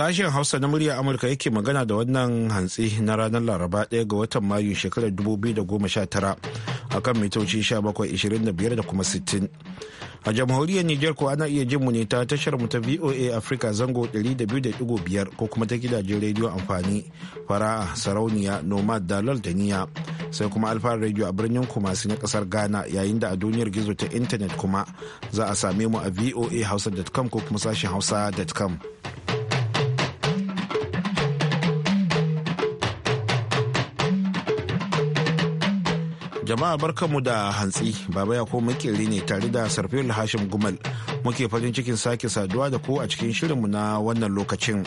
Sashen Hausa na murya Amurka yake magana da wannan hantsi na ranar Laraba ɗaya ga watan Mayu shekarar 2019 akan mitoci 1725 da kuma 60. A jamhuriyar Nijar kuwa ana iya jin mu ne ta tashar mu ta VOA Africa zango 200.5 ko kuma ta gidajen rediyo amfani fara'a sarauniya nomad dalal da niya sai kuma alfa rediyo a birnin kumasi na kasar Ghana yayin da a duniyar gizo ta intanet kuma za a same mu a voahausa.com ko kuma sashen hausa.com. jama'a barkanmu da hantsi baba ya ko makeri ne tare da sarfiyar hashim gumal muke farin cikin sake saduwa da ku a cikin shirinmu na wannan lokacin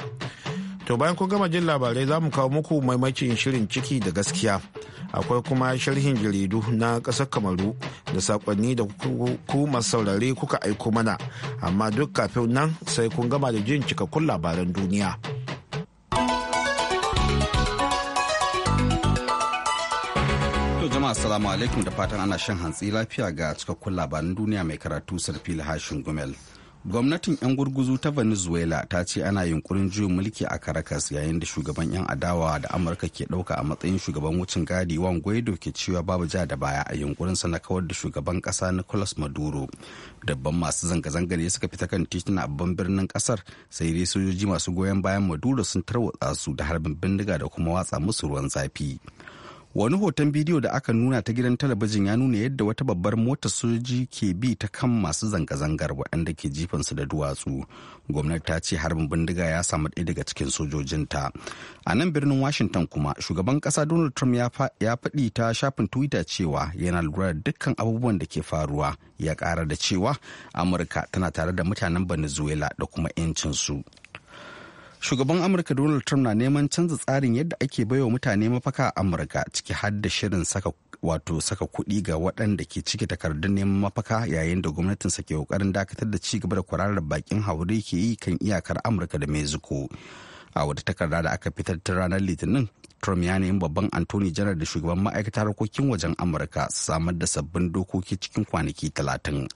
to bayan kun gama jin labarai za mu kawo muku maimakin shirin ciki da gaskiya akwai kuma sharhin jaridu na ƙasar kamaru da sakonni da ku masu saurare kuka aiko mana amma duk kafin nan sai kun gama da jin cikakkun labaran duniya. assalamu alaikum da fatan ana shan hantsi lafiya ga cikakkun labaran duniya mai karatu sarfil hashin gumel gwamnatin 'yan gurguzu ta venezuela ta ce ana yunkurin juyin mulki a caracas yayin da shugaban 'yan adawa da amurka ke dauka a matsayin shugaban wucin gadi wan guaido ke cewa babu ja da baya a sa na kawar da shugaban kasa nicolas maduro dabban masu zanga-zanga ne suka fita kan tituna a babban birnin kasar sai dai sojoji masu goyon bayan maduro sun tarwatsa su da harbin bindiga da kuma watsa musu ruwan zafi wani hoton bidiyo da aka nuna ta gidan talabijin ya nuna yadda wata babbar mota soji ke bi ta kan masu zanga-zangar waɗanda ke jifansu da duwatsu gwamnati ta ce harbin bindiga ya samu ɗaya daga cikin sojojinta a nan birnin washington kuma shugaban ƙasa donald trump ya faɗi ta shafin twitter cewa yana lura da dukkan abubuwan da ke faruwa ya ƙara da cewa amurka tana tare da mutanen venezuela da kuma 'yancinsu. shugaban amurka donald trump na neman canza tsarin yadda ake baiwa mutane mafaka a amurka ciki har da shirin saka wato saka kuɗi ga waɗanda ke cike takardun neman mafaka yayin da gwamnatinsa ke ƙoƙarin dakatar da ci gaba da kwararar bakin haure ke yi kan iyakar amurka da mexico a wata takarda da aka fitar ta ranar litinin trump ya nemi babban anthony janar da shugaban ma'aikatar harkokin wajen amurka samar da sabbin dokoki cikin kwanaki talatin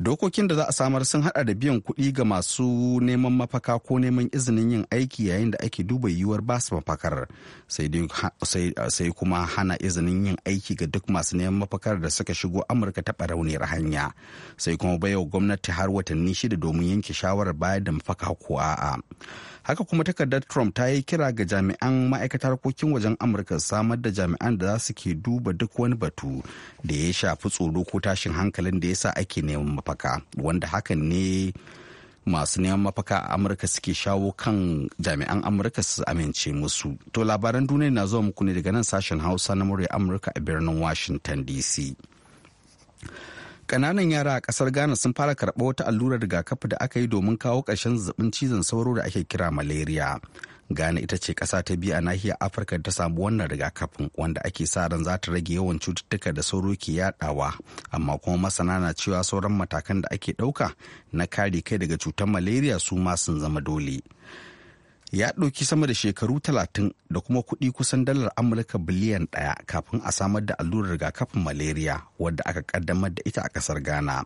dokokin da za a samar sun hada da biyan kuɗi ga masu neman mafaka ko neman izinin yin aiki yayin da ake duba yiwuwar ba su mafakar sai kuma hana izinin yin aiki ga duk masu neman mafakar da suka shigo amurka ta barauniyar hanya sai kuma baiwa gwamnati har watanni shida domin yanke shawarar bayar da mafaka ko a'a haka kuma takardar trump ta yi kira ga jami'an ma'aikatar harkokin wajen amurka samar da jami'an da za su ke duba duk wani batu da ya shafi tsoro ko tashin hankalin da ya sa ake neman mafaka wanda hakan ne masu neman mafaka a amurka suke shawo kan jami'an amurka su amince musu to labaran duniya na zuwa muku ne daga nan sashen hausa na murya amurka a birnin washington dc kananan yara a kasar ghana sun fara karɓa wata allurar rigakafi da aka yi domin kawo ƙarshen zazzabin cizon sauro da ake kira malaria Ghana ita ce ƙasa ta biyu a nahiyar Afirka ta samu wannan rigakafin wanda ake sa ran za ta rage yawan cututtuka da sauro ke yadawa, amma kuma masana na cewa sauran matakan da ake ɗauka na kare kai daga cutar malaria su ma sun zama dole. Ya ɗauki sama da shekaru talatin da kuma kuɗi kusan dalar Amurka biliyan ɗaya kafin a samar da allurar rigakafin malaria wadda aka ƙaddamar da ita a ƙasar Ghana.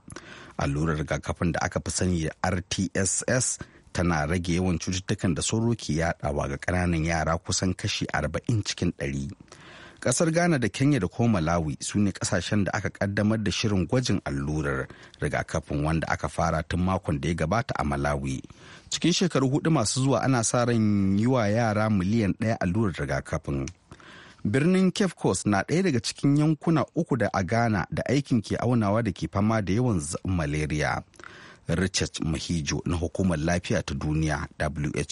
Allurar rigakafin da aka fi sani da RTSS tana rage yawan cututtukan da sauro ke yadawa ga ƙananan yara kusan kashi 40 cikin 100. Ƙasar Ghana da Kenya da kuma Malawi su ne ƙasashen da aka ƙaddamar da shirin gwajin allurar rigakafin wanda aka fara tun makon da ya gabata a Malawi. Cikin shekaru hudu masu zuwa ana sa ran yi wa yara miliyan ɗaya allurar rigakafin. birnin cape coast na ɗaya daga cikin yankuna uku da a ghana da aikin ke aunawa da ke fama da yawan malaria richard mahijo na hukumar lafiya ta duniya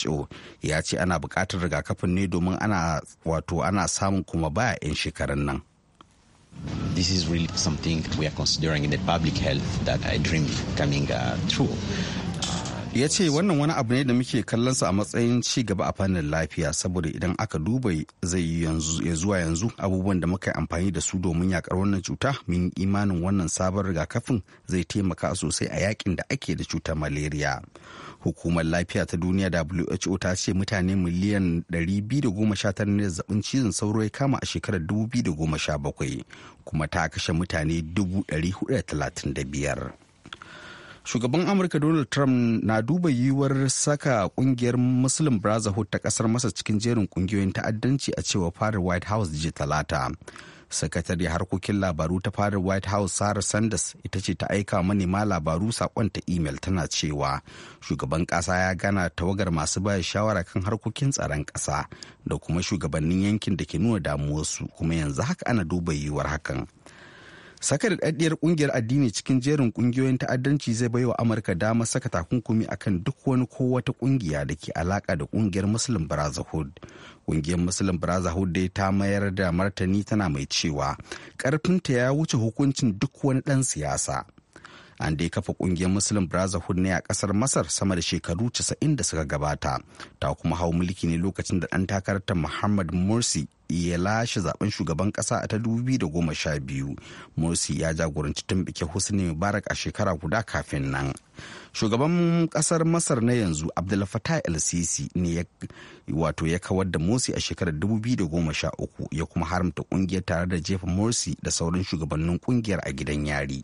who ya ce ana buƙatar rigakafin ne domin ana wato ana samun kuma baya 'yan shekarun nan This is really something we are considering in the public health that I dream coming uh, true. ya ce wannan wani abu ne da muke kallonsa a matsayin ci gaba a fannin lafiya saboda idan aka duba zai yi zuwa yanzu abubuwan da muka yi amfani da su domin yakar wannan cuta mun imanin wannan sabon rigakafin zai taimaka sosai a yakin da ake da cutar malaria hukumar lafiya ta duniya who ta ce mutane miliyan 219 ne zazzabin cizon sauro ya kama a shekarar 2017 kuma ta kashe mutane 435 shugaban amurka donald trump na duba yiwuwar saka kungiyar muslim brotherhood ta kasar masa cikin jerin kungiyoyin ta'addanci a cewa fadar white house jiya talata sakatare harkokin labaru ta fadar white house sarah sanders ita ce ta aika manema labaru sakon ta imel tana cewa shugaban kasa ya gana tawagar masu baya shawara kan harkokin tsaron kasa da kuma shugabannin yankin da ke nuna damuwarsu kuma yanzu haka ana duba yiwuwar hakan saka da daddiyar kungiyar addini cikin jerin ƙungiyoyin ta'addanci zai baiwa amurka dama saka takunkumi akan duk wani ko wata ƙungiya da ke alaƙa da ƙungiyar muslim brotherhood ƙungiyar muslim brotherhood dai ta mayar da martani tana mai cewa karfinta ya wuce hukuncin duk wani dan siyasa an dai kafa kungiyar muslim brotherhood ne a kasar masar sama da shekaru 90 da suka gabata ta kuma hau mulki ne lokacin da ɗan takararta muhammad morsi ya lashe zaben shugaban kasa a ta 2012 morsi ya jagoranci tun tumbike husni mubarak a shekara guda kafin nan shugaban kasar masar na yanzu abdul fatah el sisi ne wato ya kawar da morsi a shekarar 2013 ya kuma haramta kungiyar tare da jefa morsi da sauran shugabannin kungiyar a gidan yari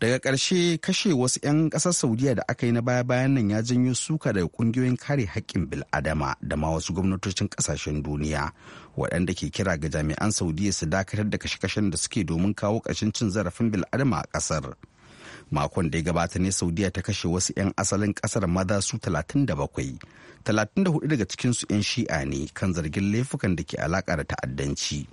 daga ƙarshe kashe wasu 'yan ƙasar saudiya da aka yi na baya-bayan nan ya janyo suka daga ƙungiyoyin kare haƙƙin bil'adama da ma wasu gwamnatocin ƙasashen duniya waɗanda ke kira ga jami'an saudiya su dakatar da kashe-kashen da suke domin kawo ƙarshen cin zarafin bil'adama a ƙasar makon da ya gabata ne saudiya ta kashe wasu 'yan asalin ƙasar maza su 37 34 daga cikinsu 'yan shi'a ne kan zargin laifukan da ke alaƙa da ta'addanci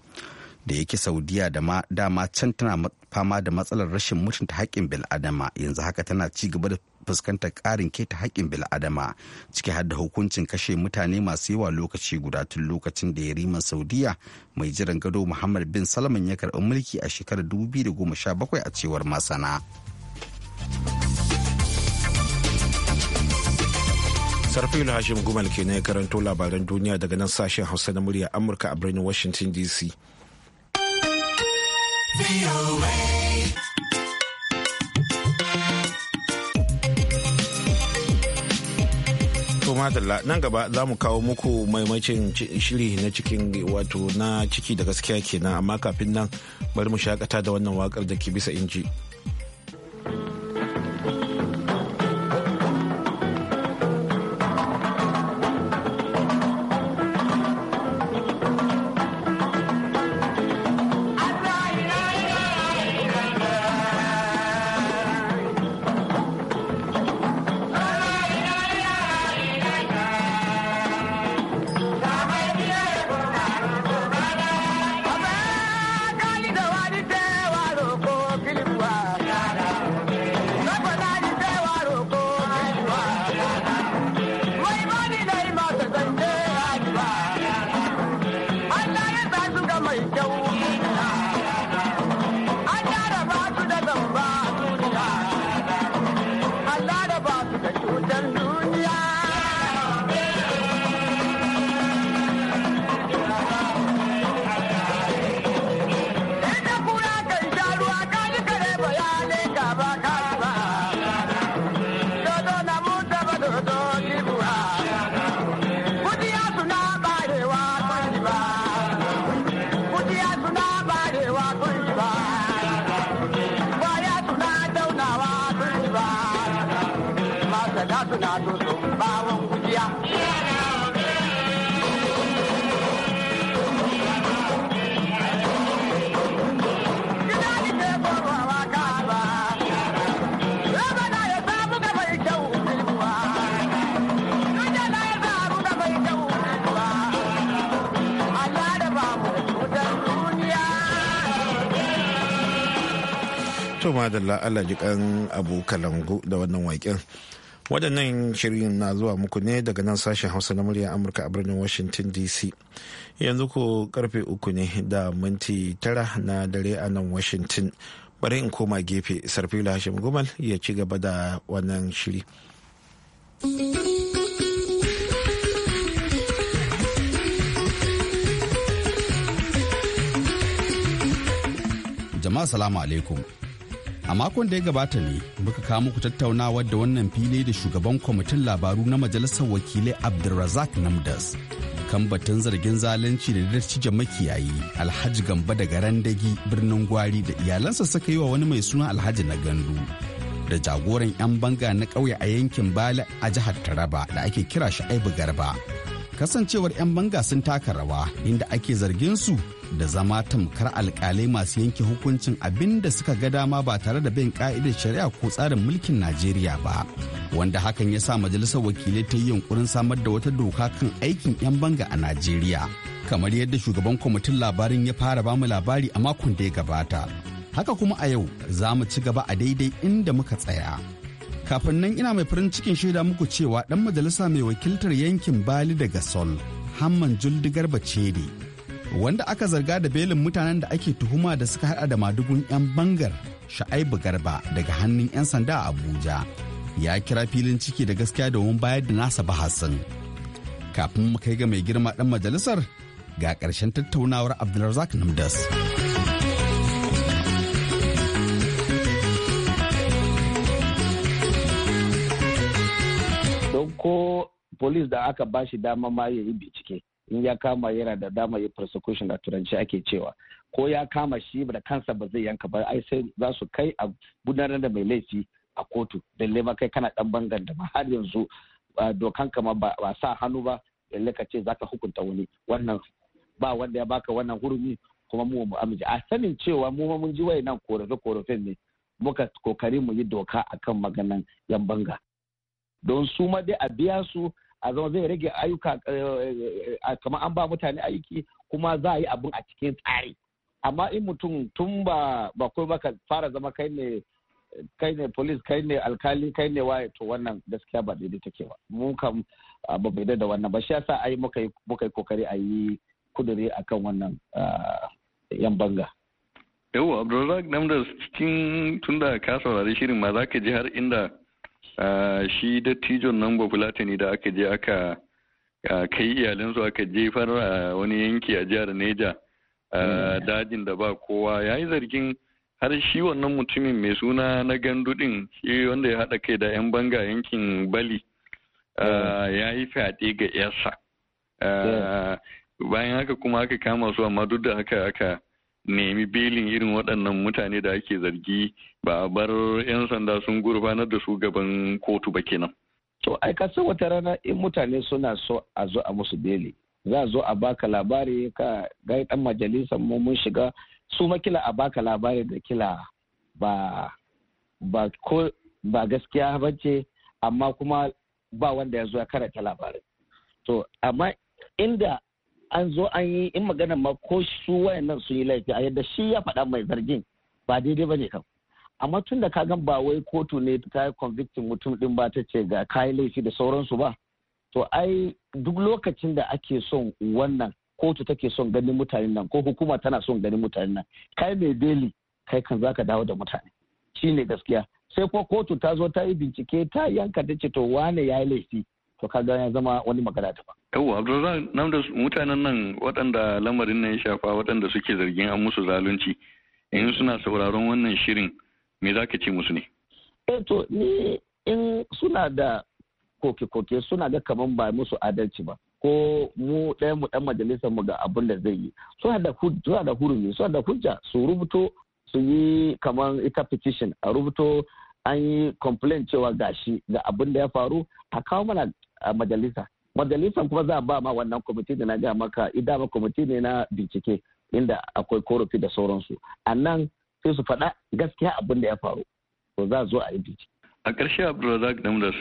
da yake saudiya da ma dama can tana fama da matsalar rashin mutunta haƙƙin bil'adama yanzu haka tana ci gaba da fuskantar ƙarin keta haƙƙin bil'adama ciki har da hukuncin kashe mutane masu yawa lokaci guda tun lokacin da yariman saudiya mai jiran gado muhammad bin salman ya karɓi mulki a shekarar bakwai a cewar masana sarfil hashim gumal ke ya karanto labaran duniya daga nan sashen hausa na murya amurka a birnin washington dc madalla nan gaba za mu kawo muku maimacin shiri na cikin wato na ciki da gaskiya kenan amma kafin nan bari mu shakata da wannan wakar da ke bisa inji. to madalla Allah ji abu kalangu da wannan waƙen waɗannan shirin na zuwa muku ne daga nan sashen hausa na muryar amurka a birnin washington dc yanzu ko karfe uku ne da minti tara na dare a nan washington bari in koma gefe sarfi hashim gumal ya ci gaba da wannan shiri jama'a salamu alaikum a makon da ya gabata ne muka kawo muku tattaunawa da wannan fili da shugaban kwamitin labaru na majalisar wakilai abdulrazak namdas kan batun zargin zalunci da dattijan makiyayi alhaji gamba da garandagi birnin gwari da iyalansa suka yi wa wani mai suna alhaji na gandu da jagoran 'yan banga na ƙauye a yankin bala a jihar taraba da ake kira shi aibu garba kasancewar 'yan banga sun taka rawa inda ake zargin su da zama tamkar alkalai masu yanke hukuncin abin da suka ga dama ba tare da bin ka'idar shari'a ko tsarin mulkin najeriya ba wanda hakan ya sa majalisar wakilai ta yi yunkurin samar da wata doka kan aikin 'yan banga a najeriya kamar yadda shugaban kwamitin labarin ya fara bamu labari a makon da ya gabata haka kuma a yau za mu ci gaba a daidai inda muka tsaya kafin nan ina mai farin cikin shaida muku cewa dan majalisa mai wakiltar yankin bali daga sol hamman juldigar ne wanda aka zarga da belin mutanen da ake tuhuma da suka hada da madugun 'yan bangar sha'aibu garba daga hannun 'yan sanda a abuja ya kira filin ciki da gaskiya domin bayar da nasa bahasin kafin mu kai ga mai girma dan majalisar ga ƙarshen tattaunawar abdulrazak namdas. police da aka bashi dama ma ya yi bincike in ya kama yana da dama ya prosecution a turanci ake cewa ko ya kama shi da kansa ba zai yanka ba ai sai za su kai a gudanar da mai laifi a kotu da ma kai kana dan bangan da har yanzu dokan kama ba sa hannu ba lalle ka ce zaka hukunta wani wannan ba wanda ya baka wannan hurumi kuma mu mu amince a sanin cewa mu mun ji wayannan korafe korafen ne muka kokari mu yi doka akan maganan yan banga don su ma dai a biya su a zama zai rage ayyuka eh, eh, eh, kamar an ba mutane aiki kuma za a yi abin a cikin tsari amma in mutum tun ba ba ka fara zama kai ne kai ne police kai ne alkali kai ne waye to wannan gaskiya ba daidai take ba mu kam ah, ba bai da wannan ba shi yasa ai muka yi muka yi kokari a yi kuduri akan wannan ah, yan banga yau abdulrazak namdas cikin tunda ka saurari shirin ma za ka ji har inda shi dattijon nan ne da aka je aka kai iyalinsu aka jefar a wani yanki a jihar neja hmm. dajin da ba kowa ya yi zargin har shi wannan mutumin mai suna na gandudin shi wanda ya haɗa kai da 'yan banga yankin bali hmm. ya yi fyaɗe ga 'yarsa hmm. bayan haka kuma aka kama su amma duk da haka aka nemi belin irin waɗannan mutane da ake zargi ba a bar 'yan sanda sun gurfanar da su gaban kotu ba kenan. To ai ka wata rana in mutane suna so a zo a musu beli za a zo a baka labari ka gai dan majalisar mu mun shiga su makila a baka labari da kila ba ba ko ba gaskiya bace amma kuma ba wanda ya zo ya karanta labarin. To amma inda an zo an yi in magana ma ko su wayannan sun yi laifi a yadda shi ya faɗa mai zargin ba daidai ba ne kan. amma tun da kagan ba wai kotu ne ta yi convictin mutum din ba ta ce ga kayi laifi da sauransu ba to ai duk lokacin da ake son wannan kotu take son ganin mutanen nan ko hukuma tana son ganin mutanen nan kai mai beli kai kan zaka dawo da mutane shine gaskiya sai ko kotu ta zo ta yi bincike ta yanka ta ce to wane ya yi laifi to kaga ya zama wani magana ba. Yau, Abdulrazak, nan da mutanen nan waɗanda lamarin nan ya shafa waɗanda suke zargin an musu zalunci, in suna sauraron wannan shirin, me za ka ce musu ne? Eh ni in suna da koke-koke suna ga kamar ba musu adalci ba. Ko mu ɗaya mu ɗan majalisar mu ga abin da zai yi. Suna da hurumi, suna da hujja su rubuto su yi kaman ita petition a rubuto an yi complain cewa gashi ga abin da ya faru a kawo mana a majalisa majalisan kuma za a ba ma wannan kwamiti da na ga maka idama kwamiti ne na bincike inda akwai korafi da sauransu a nan sai su faɗa gaskiya abin da ya faru to za a zo a yi bincike a ƙarshe abdulrazak damdas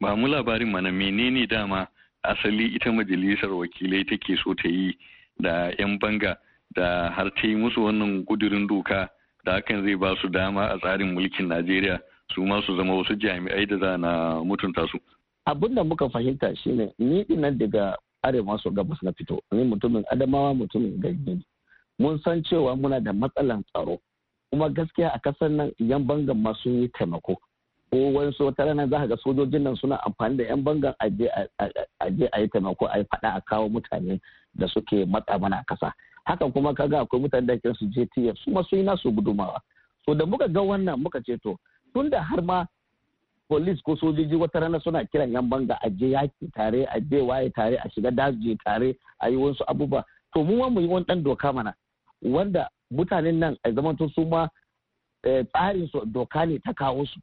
ba mu labarin mana menene dama asali ita majalisar wakilai take so ta yi da 'yan banga da har ta yi musu wannan gudurin doka da hakan zai ba su dama a tsarin mulkin najeriya su ma su zama wasu jami'ai da za na mutunta su abin da muka fahimta shine ni dinan daga arewa maso gabas na fito ni mutumin adamawa mutumin gari mun san cewa muna da matsalan tsaro kuma gaskiya a kasar nan yan bangan ma sun yi taimako ko wani so wata rana za ga sojojin nan suna amfani da yan bangan aje a yi taimako a yi faɗa a kawo mutane da suke matsa mana kasa Haka kuma ka ga akwai mutane da ke su JTF su ma sun yi nasu gudumawa So da muka ga wannan muka ce to tunda har ma police ko sojoji wata rana suna kiran yan banga a je yaki tare a je waye tare a shiga daji tare a yi wasu abubuwa to mu mu yi wani dan doka mana wanda mutanen nan a to su ma eh, tsarin su doka ne ta kawo su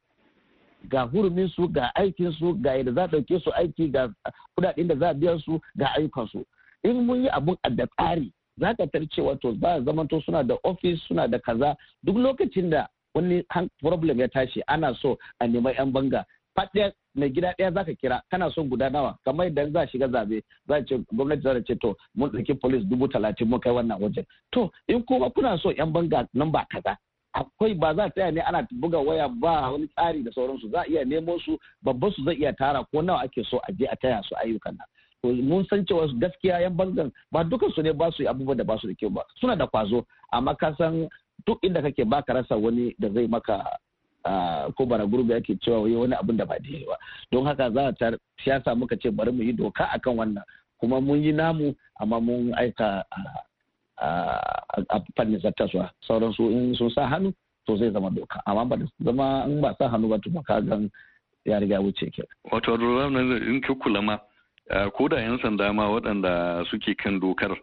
ga hurumin su ga aikin su ga yadda za a dauke su aiki ga kudaden da za a biyan su ga ayyukan su in mun yi abun a da tsari za ka tar cewa to ba zamanto suna da ofis suna da kaza duk lokacin da wani problem ya tashi ana so a nemi yan banga faɗiyar mai gida ɗaya zaka kira kana son guda nawa kamar idan za shiga zabe za ce gwamnati za ce to mun ɗauki polis dubu talatin mun kai wannan wajen to in kuma kuna so yan banga nan ba kaza akwai ba za ta ne ana buga waya ba wani tsari da sauransu za a iya nemo su babban su zai iya tara ko nawa ake so a je a taya su ayyukan nan mun san cewa gaskiya yan bangan ba dukansu ne ba su yi abubuwan da ba su da kyau ba suna da kwazo amma ka duk inda kake baka rasa wani da zai maka ko bara gurbi ake cewa wai wani abin da ba daidai ba don haka za ta siyasa muka ce bari mu yi doka akan wannan kuma mun yi namu amma mun aika a fannin zattaswa sauran su in sun sa hannu to zai zama doka amma ba zama in ba sa hannu ba to ka gan ya riga wuce ke wato da in kula ma ko da yan sanda ma waɗanda suke kan dokar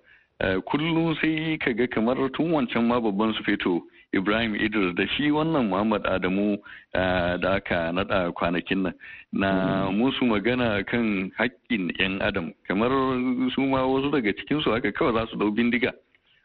Eh, kullum sai ka ga kamar tun wancan ma babban su feto ibrahim idris da shi wannan muhammad adamu eh, da aka nada kwanakin nan na mm. musu magana kan haƙƙin 'yan adam kamar su ma wasu daga cikinsu haka kawai za su dau bindiga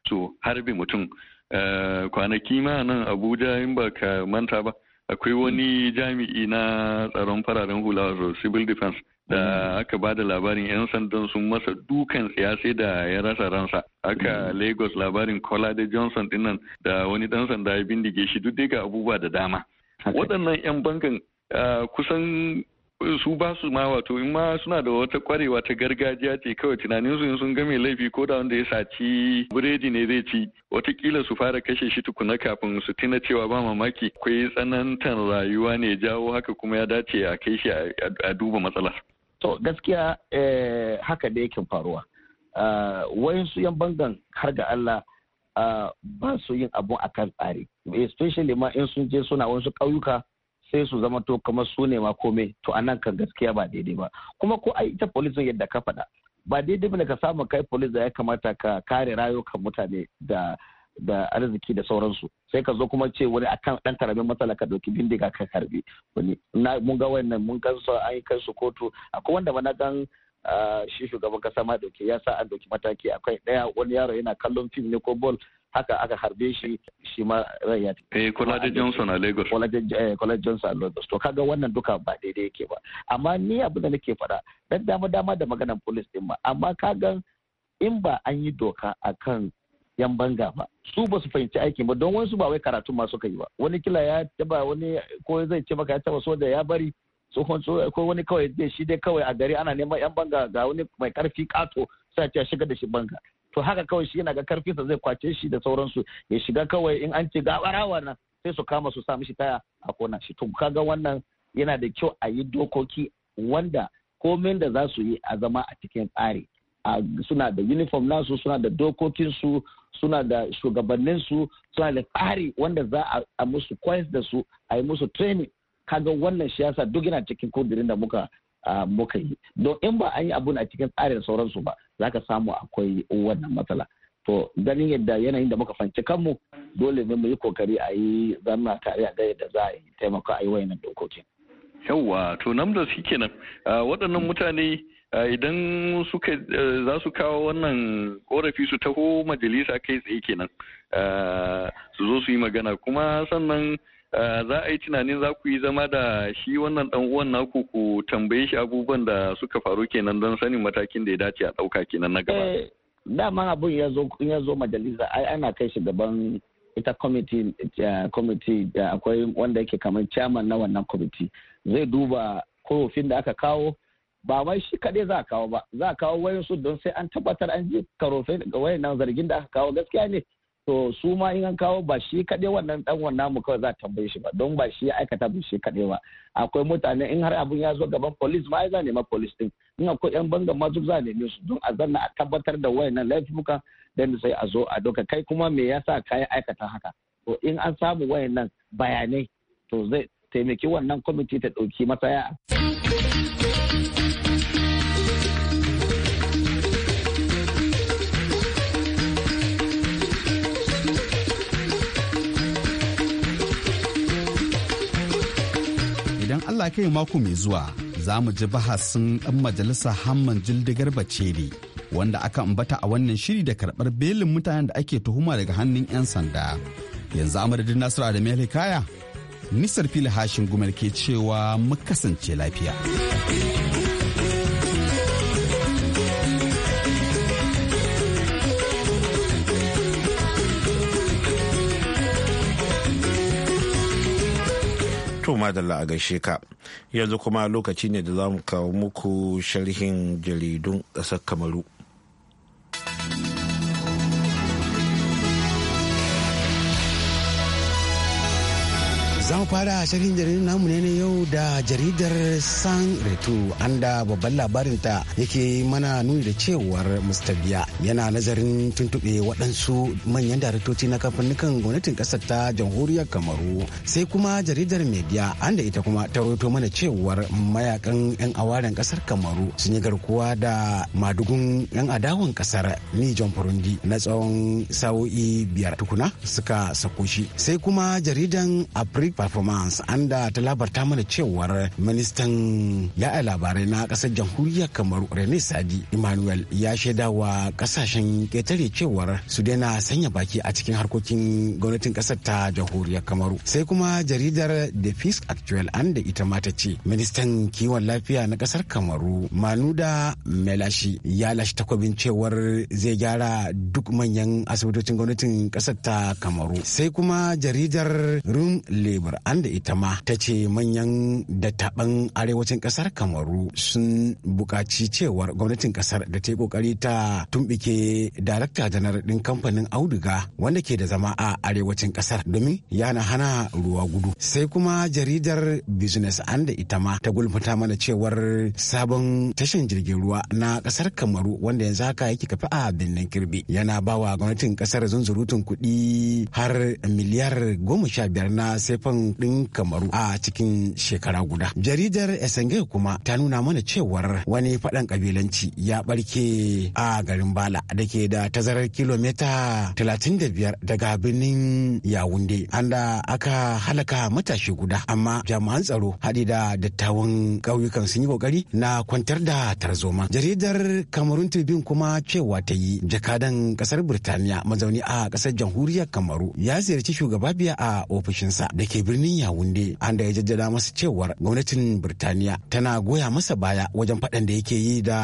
su harbe mutum eh, kwanaki ma nan abuja in ba ka manta ba akwai wani mm. jami'i na tsaron fararen hula civil defense da aka bada labarin 'yan sandan sun masa dukan tsiya da ya rasa ransa aka mm. lagos labarin kolade johnson dinnan da wani dan sanda ya bindige shi duk daga abubuwa da dama waɗannan 'yan bankan kusan su ba su ma wato in ma suna da wata kwarewa ta gargajiya ce kawai tunanin su sun game laifi ko da wanda ya saci biredi ne zai ci watakila su fara kashe shi tukuna kafin su tuna cewa ba mamaki akwai tsanantan rayuwa ne jawo haka kuma ya dace a kai shi a duba matsalar to gaskiya eh, haka da yake faruwa ah, su yan bangan har ga Allah ah, ba su yin abu a kan tsari especially ma in sun je suna wasu ƙauyuka sai su zama to kamar su ne ma komai to anan kan gaskiya ba daidai ba kuma ko a ita polisin yadda ka faɗa ba daidai bane ka samu kai polis da ya kamata ka kare rayukan mutane da da arziki da sauransu sai ka zo kuma ce wani akan dan karamin matsala ka dauki bindiga ka karbi wani na mun ga wannan mun gan su an kai su kotu akwai wanda ma na gan shi shugaban kasa ma dauke ya sa an dauki mataki akwai daya wani yaro yana kallon fim ne ko ball haka aka harbe shi shi ma rai ya eh, eh Kolaje Johnson a Lagos Kolaje Johnson a Lagos to kaga wannan duka ba daidai yake ba amma ni abin da nake faɗa dan dama dama da maganar police din ma amma kaga in ba an yi doka akan yan banga ba su ba su fahimci aikin ba don wasu ba wai karatu ma suka yi ba wani kila ya taba wani ko zai ce maka ya taba so da ya bari tsohon ko wani kawai dai shi dai kawai a gari ana neman yan banga ga wani mai karfi kato sai a shiga da shi banga to haka kawai shi yana ga sa zai kwace shi da sauransu ya shiga kawai in an ce ga barawa nan sai su kama su sa mishi taya a kona shi to kaga wannan yana da kyau a yi dokoki wanda komin da za su yi a zama a cikin tsari suna da uniform nasu suna da dokokinsu suna da shugabannin su suna da tsari wanda za a musu koyas da su a yi musu training kaga wannan siyasa duk yana cikin kudirin da muka muka yi don in ba an yi abun a cikin tsarin sauransu ba za ka samu akwai wannan matsala to ganin yadda yanayin da muka fanci kanmu dole ne mu yi kokari a yi zanna tare a yadda za a yi taimaka a yi wayannan dokokin yawwa to nan da shi kenan waɗannan mutane Eh, idan suka eh, za su kawo wannan korafi su taho majalisa kai tsaye kenan eh, su zo su yi magana kuma sannan za a yi tunanin za ku yi zama da shi wannan dan uwan naku ku tambaye shi abubuwan da suka faru kenan don sanin matakin da ya dace a dauka kenan na gaba. Dama abun ya zo majalisa ai ana kai shi gaban ita kwamiti da akwai wanda yake kamar chairman na wannan kwamiti zai duba korofin da aka kawo ba wai shi kaɗai za a kawo ba za a kawo wayansu don sai an tabbatar an ji karofe ga wayannan zargin da aka kawo gaskiya ne to su ma in an kawo ba shi kaɗai wannan dan wannan mu kawai za a tambaye shi ba don ba shi ya aikata ba shi kaɗai ba akwai mutane in har abun ya zo gaban polis ma za a nema polis din in akwai yan banga ma duk za a neme su don a zanna a tabbatar da wayannan muka dan sai a zo a doka kai kuma me yasa ka yi aikata haka to in an samu wayannan bayanai to zai taimaki wannan kwamiti ta ɗauki masaya? Allah kai mako mai zuwa za mu ji bahasin ɗan majalisa Hamman Jildigar Baceri wanda aka ambata a wannan shiri da karɓar belin mutanen da ake tuhuma daga hannun 'yan sanda. Yanzu amadadin Nasiru Adamu kaya Nisar Fili Hashin Gumel ke cewa mu kasance lafiya. To madalla a gaishe ka. Yanzu kuma lokaci ne da za mu kawo muku sharhin jaridun ƙasar Kamaru. za mu fara shirin jaridar namu ne yau da jaridar san retu anda babban labarinta yake mana nuni da cewar mr biya yana nazarin tuntuɓe waɗansu manyan daraktoci na kamfanin gwamnatin ƙasar ta jamhuriyar kamaru sai kuma jaridar media anda ita kuma ta roto mana cewar mayakan 'yan awaren ƙasar kamaru sun yi garkuwa da madugun 'yan adawan ƙasar ni john furundi na tsawon sa'o'i biyar tukuna suka sako shi sai kuma jaridan afrik performance an da ta labarta mana cewar ministan yaɗa labarai na ƙasar jamhuriyar kamar rene sadi emmanuel ya shaida wa ƙasashen ketare cewar su daina sanya baki a cikin harkokin gwamnatin ƙasar ta jamhuriyar kamaru sai kuma jaridar the peace actual an da ita ma ta ce ministan kiwon lafiya na ƙasar kamaru manuda melashi ya lashe takwabin cewar zai gyara duk manyan asibitocin gwamnatin ƙasar ta kamaru sai kuma jaridar rum da ita ma ta ce manyan da taɓan arewacin ƙasar kamaru sun buƙaci cewar gwamnatin ƙasar da ta yi ƙoƙari ta tumbike darakta janar ɗin kamfanin auduga wanda ke da zama a arewacin ƙasar domin yana hana ruwa gudu sai kuma jaridar business da ita ma ta gulmata mana cewar sabon tashin jirgin ruwa na ƙasar kamaru wanda yanzu haka yake kafa a birnin kirbi yana bawa gwamnatin ƙasar zunzurutun kuɗi har miliyar goma sha biyar na sefan Sudan ɗin Kamaru a cikin shekara guda. Jaridar Esenge kuma ta nuna mana cewar wani faɗan ƙabilanci ya ɓarke a garin Bala da ke da tazarar kilomita talatin da biyar daga birnin Yawunde. da aka halaka matashi guda amma jami'an tsaro haɗi da dattawan ƙauyukan sun yi ƙoƙari na kwantar da tarzoma. Jaridar Kamarun Tribune kuma cewa ta yi jakadan ƙasar Birtaniya mazauni a ƙasar jamhuriyar Kamaru ya ziyarci shugaba biya a ofishinsa da ke birnin yawunde anda ya jaddada masa cewar gwamnatin birtaniya tana goya masa baya wajen faɗan da yake yi da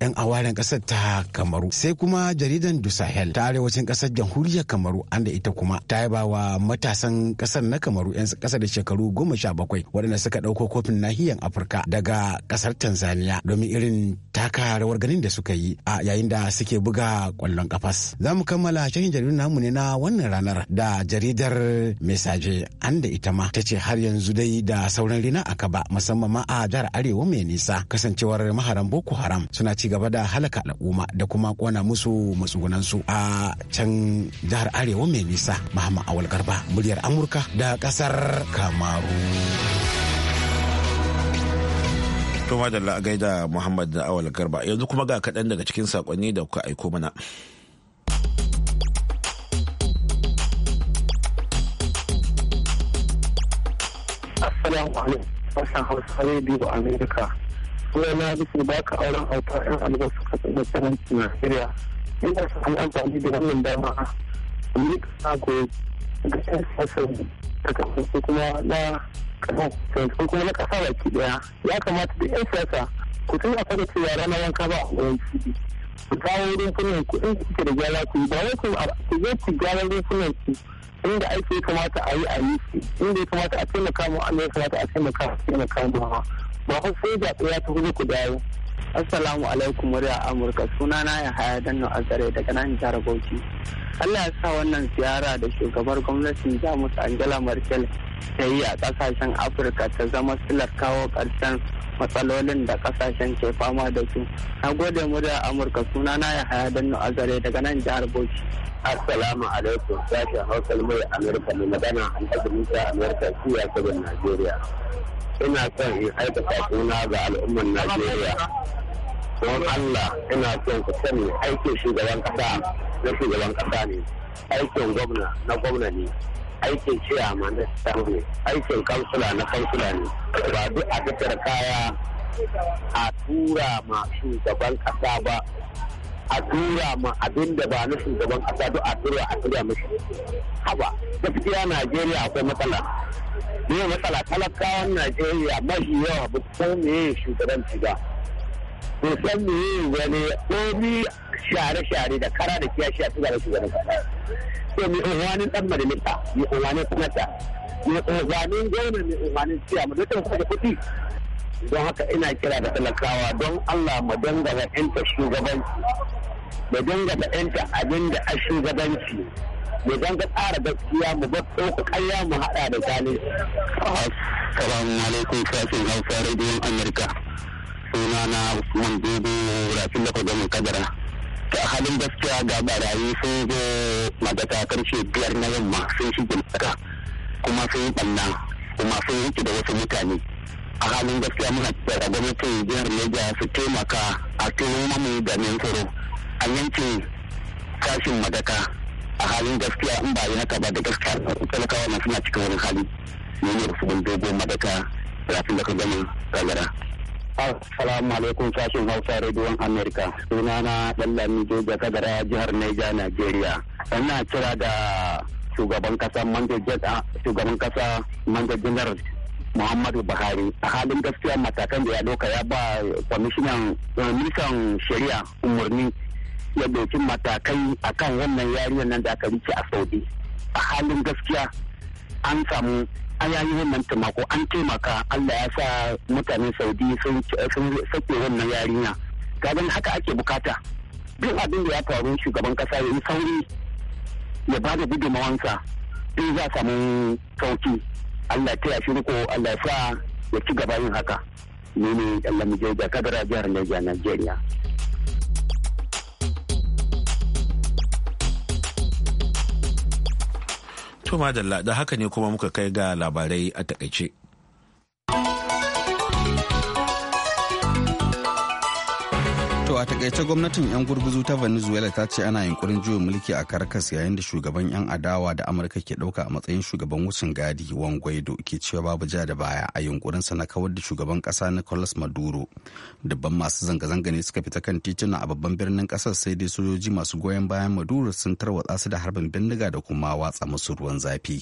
'yan awaren ƙasar ta kamaru sai kuma jaridan du sahel ta arewacin ƙasar jamhuriyar kamaru anda ita kuma ta yaba wa matasan ƙasar na kamaru 'yan ƙasar da shekaru goma sha bakwai waɗanda suka ɗauko kofin nahiyar afirka daga ƙasar tanzania domin irin taka rawar ganin da suka yi a yayin da suke buga ƙwallon kafas za mu kammala shirin jaridun namu ne na wannan ranar da jaridar mesaje anda ita ma ta ce har yanzu dai da sauran rina aka ba musamman ma a jihar arewa mai nisa kasancewar maharan boko haram suna ci gaba da halaka al'umma da kuma kona musu matsugunansu a can jihar arewa mai nisa muhammad awal garba muryar amurka da kasar kamaru. To madalla a gaida Muhammad da Awal Garba yanzu kuma ga kaɗan daga cikin saƙonni da kuka aiko mana. Assalamu alaikum. Wasan Hausa Radio Amerika. Suna na ba ka auren auta 'yan albasa ka Ina amfani da wannan dama. ga 'yan sassan ta kasance kuma na kuma na kasa baki daya. Ya kamata da 'yan siyasa ku tuna fara cewa ranar wanka ba a wurin ciki. Ku kawo da kuke da gyara ku ba wai ku ku gyara ku. inda aiki ya kamata a yi a yi inda ya kamata a taimaka mu an ya kamata a taimaka mu ba ku sai da ya ta ku dawo Assalamu alaikum murya Amurka sunana ya haya danno zare, daga nan jihar Bauchi. Allah ya sa wannan ziyara da shugabar gwamnatin Jamus Angela Merkel ta yi a kasashen Afirka ta zama silar kawo ƙarshen matsalolin da kasashen ke fama da su. Na gode murya Amurka sunana ya haya danno zare, daga nan jihar Bauchi. Assalamu alaikum sashen hausar mai Amurka mai magana an Musa Amurka siya Najeriya. ina son in aika sakona ga al'ummar najeriya don allah ina son ku sani aikin shugaban kasa na shugaban kasa ne aikin gwamna na gwamna ne aikin ciyama na samu ne aikin kansula na kansula ne ba duk a fitar kaya a tura ma shugaban kasa ba a tura ma abin da ba na shugaban kasa duk a tura a tura mishi haba gaskiya najeriya akwai matsala ne matsala talakawan najeriya mafi yawa ba su san meye shugabanci ba ba san meye wani komi share-share da kara da kiyashi a tuga da shugaban kasa so mai unwanin dan majalisa mai unwanin sanata mai ne gwamna mi unwanin siya mu dukkan kuka da kuɗi don haka ina kira da talakawa don allah mu dangana 'yanta shugabanci mu dangana 'yanta abin da a shugabanci mu zanga tsara gaskiya mu bar ɗauka ƙarya mu haɗa da zalunci. Assalamu alaikum sashen Hausa Rediyon Amurka. Suna na Usman Dodo Rafin Lafa Gamin Kadara. Ta halin gaskiya ga barayi sun zo madaka karshe biyar na yamma sun shi mata kuma sun yi ɓanna kuma sun yi da wasu mutane. a halin gaskiya muna da gwamnatin jihar Niger su taimaka a turo mamu da tsaro a yankin sashin madaka a halin gaskiya in ba yana haka ba da gaskiya talakawa na suna cikin wani hali ne ne rufugun dogon madaka rafin da ka gani gagara. Assalamu alaikum sashen Hausa Rediyon Amerika. Sunana Dallami Joja Kadara jihar Neja, Nigeria. Ina kira da shugaban kasa ah, shugaban kasa Muhammadu Buhari a halin gaskiya matakan da ya doka ya ba kwamishinan eh, ministan shari'a umarni ya ɗauki matakai a kan wannan yariyar nan da aka rike a saudi a halin gaskiya an samu an yayi wannan taimako an taimaka allah ya sa mutanen saudi sun sake wannan yarinya gaban haka ake bukata duk abin da ya faru shugaban kasa ya yi sauri ya ba da gudunmawansa in za samu sauki allah ta yashi riko allah sa ya ci gaba yin haka ne ne allah mu je ga kadara jihar niger nigeria To madalla da haka ne kuma muka kai ga labarai a takaice. a takaice gwamnatin 'yan gurguzu ta Venezuela ta ce ana yunkurin juyin mulki a karkas yayin da shugaban 'yan adawa da Amurka ke ɗauka a matsayin shugaban wucin gadi wan Guaido ke cewa babu ja da baya a yunkurin sa na kawar da shugaban ƙasa Nicolas Maduro. Dubban masu zanga-zanga ne suka fita kan tituna a babban birnin ƙasar sai dai sojoji masu goyon bayan Maduro sun tarwatsa su da harbin bindiga da kuma watsa musu ruwan zafi.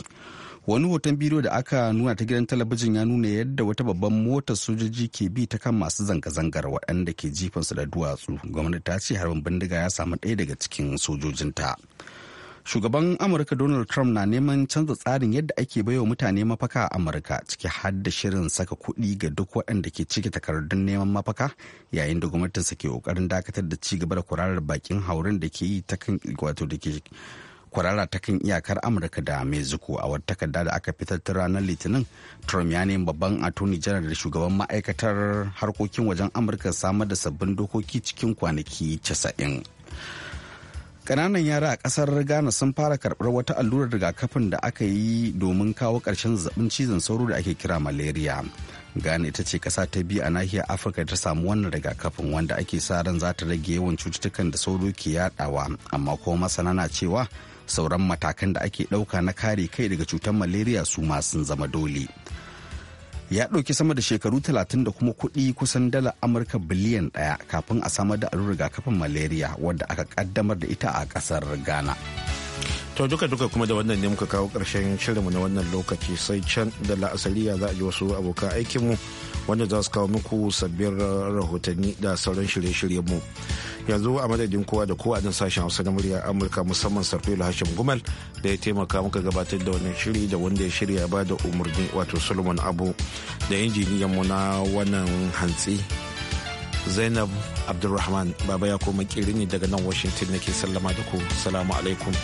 wani hoton bidiyo da aka nuna ta gidan talabijin ya nuna yadda wata babban motar sojoji ke bi ta kan masu zanga-zangar waɗanda ke jifansu da duwatsu gwamnati ta ce harbin bindiga ya samu ɗaya daga cikin sojojinta shugaban amurka donald trump na neman canza tsarin yadda ake baiwa mutane mafaka a amurka ciki har da shirin saka kuɗi ga duk waɗanda ke cike takardun neman mafaka yayin da gwamnatinsa ke ƙoƙarin dakatar da ci gaba da kurarar bakin haurin da ke yi ta kan wato da ke kwarara ta kan iyakar amurka da mexico a wata takarda da aka fitar ta ranar litinin trump ya nemi babban attorney general da shugaban ma'aikatar harkokin wajen amurka samar da sabbin dokoki cikin kwanaki casa'in kananan yara a kasar ghana sun fara karbar wata allurar rigakafin da aka yi domin kawo karshen zazzabin cizon sauro da ake kira malaria ghana ita ce kasa ta biyu a nahiyar afirka ta samu wannan rigakafin wanda ake sa ran za ta rage yawan cututtukan da sauro ke yadawa amma kuma masana na cewa sauran matakan da ake ɗauka na kare kai daga cutar malaria su sun zama dole ya ɗauki sama da shekaru 30 da kuma kuɗi kusan dala amurka biliyan ɗaya kafin a samar da allurar rigakafin malaria wadda aka kaddamar da ita a kasar ghana to duka duka kuma da wannan ne muka kawo ƙarshen shirinmu na wannan lokaci sai can da la'asariya za a ji wasu abokan aikinmu wanda za su kawo muku sabbin rahotanni da sauran shirye-shiryenmu. mu yanzu a madadin kowa da kowa din sashen hausa na muryar amurka musamman sarfilo hashim gumal da ya taimaka muka gabatar da wannan shiri da wanda ya shirya ba da umarni wato solomon abu da injiniyan mu na wannan hantsi zainab abdulrahman baba ya koma ni daga nan washington nake sallama da ku salamu alaikum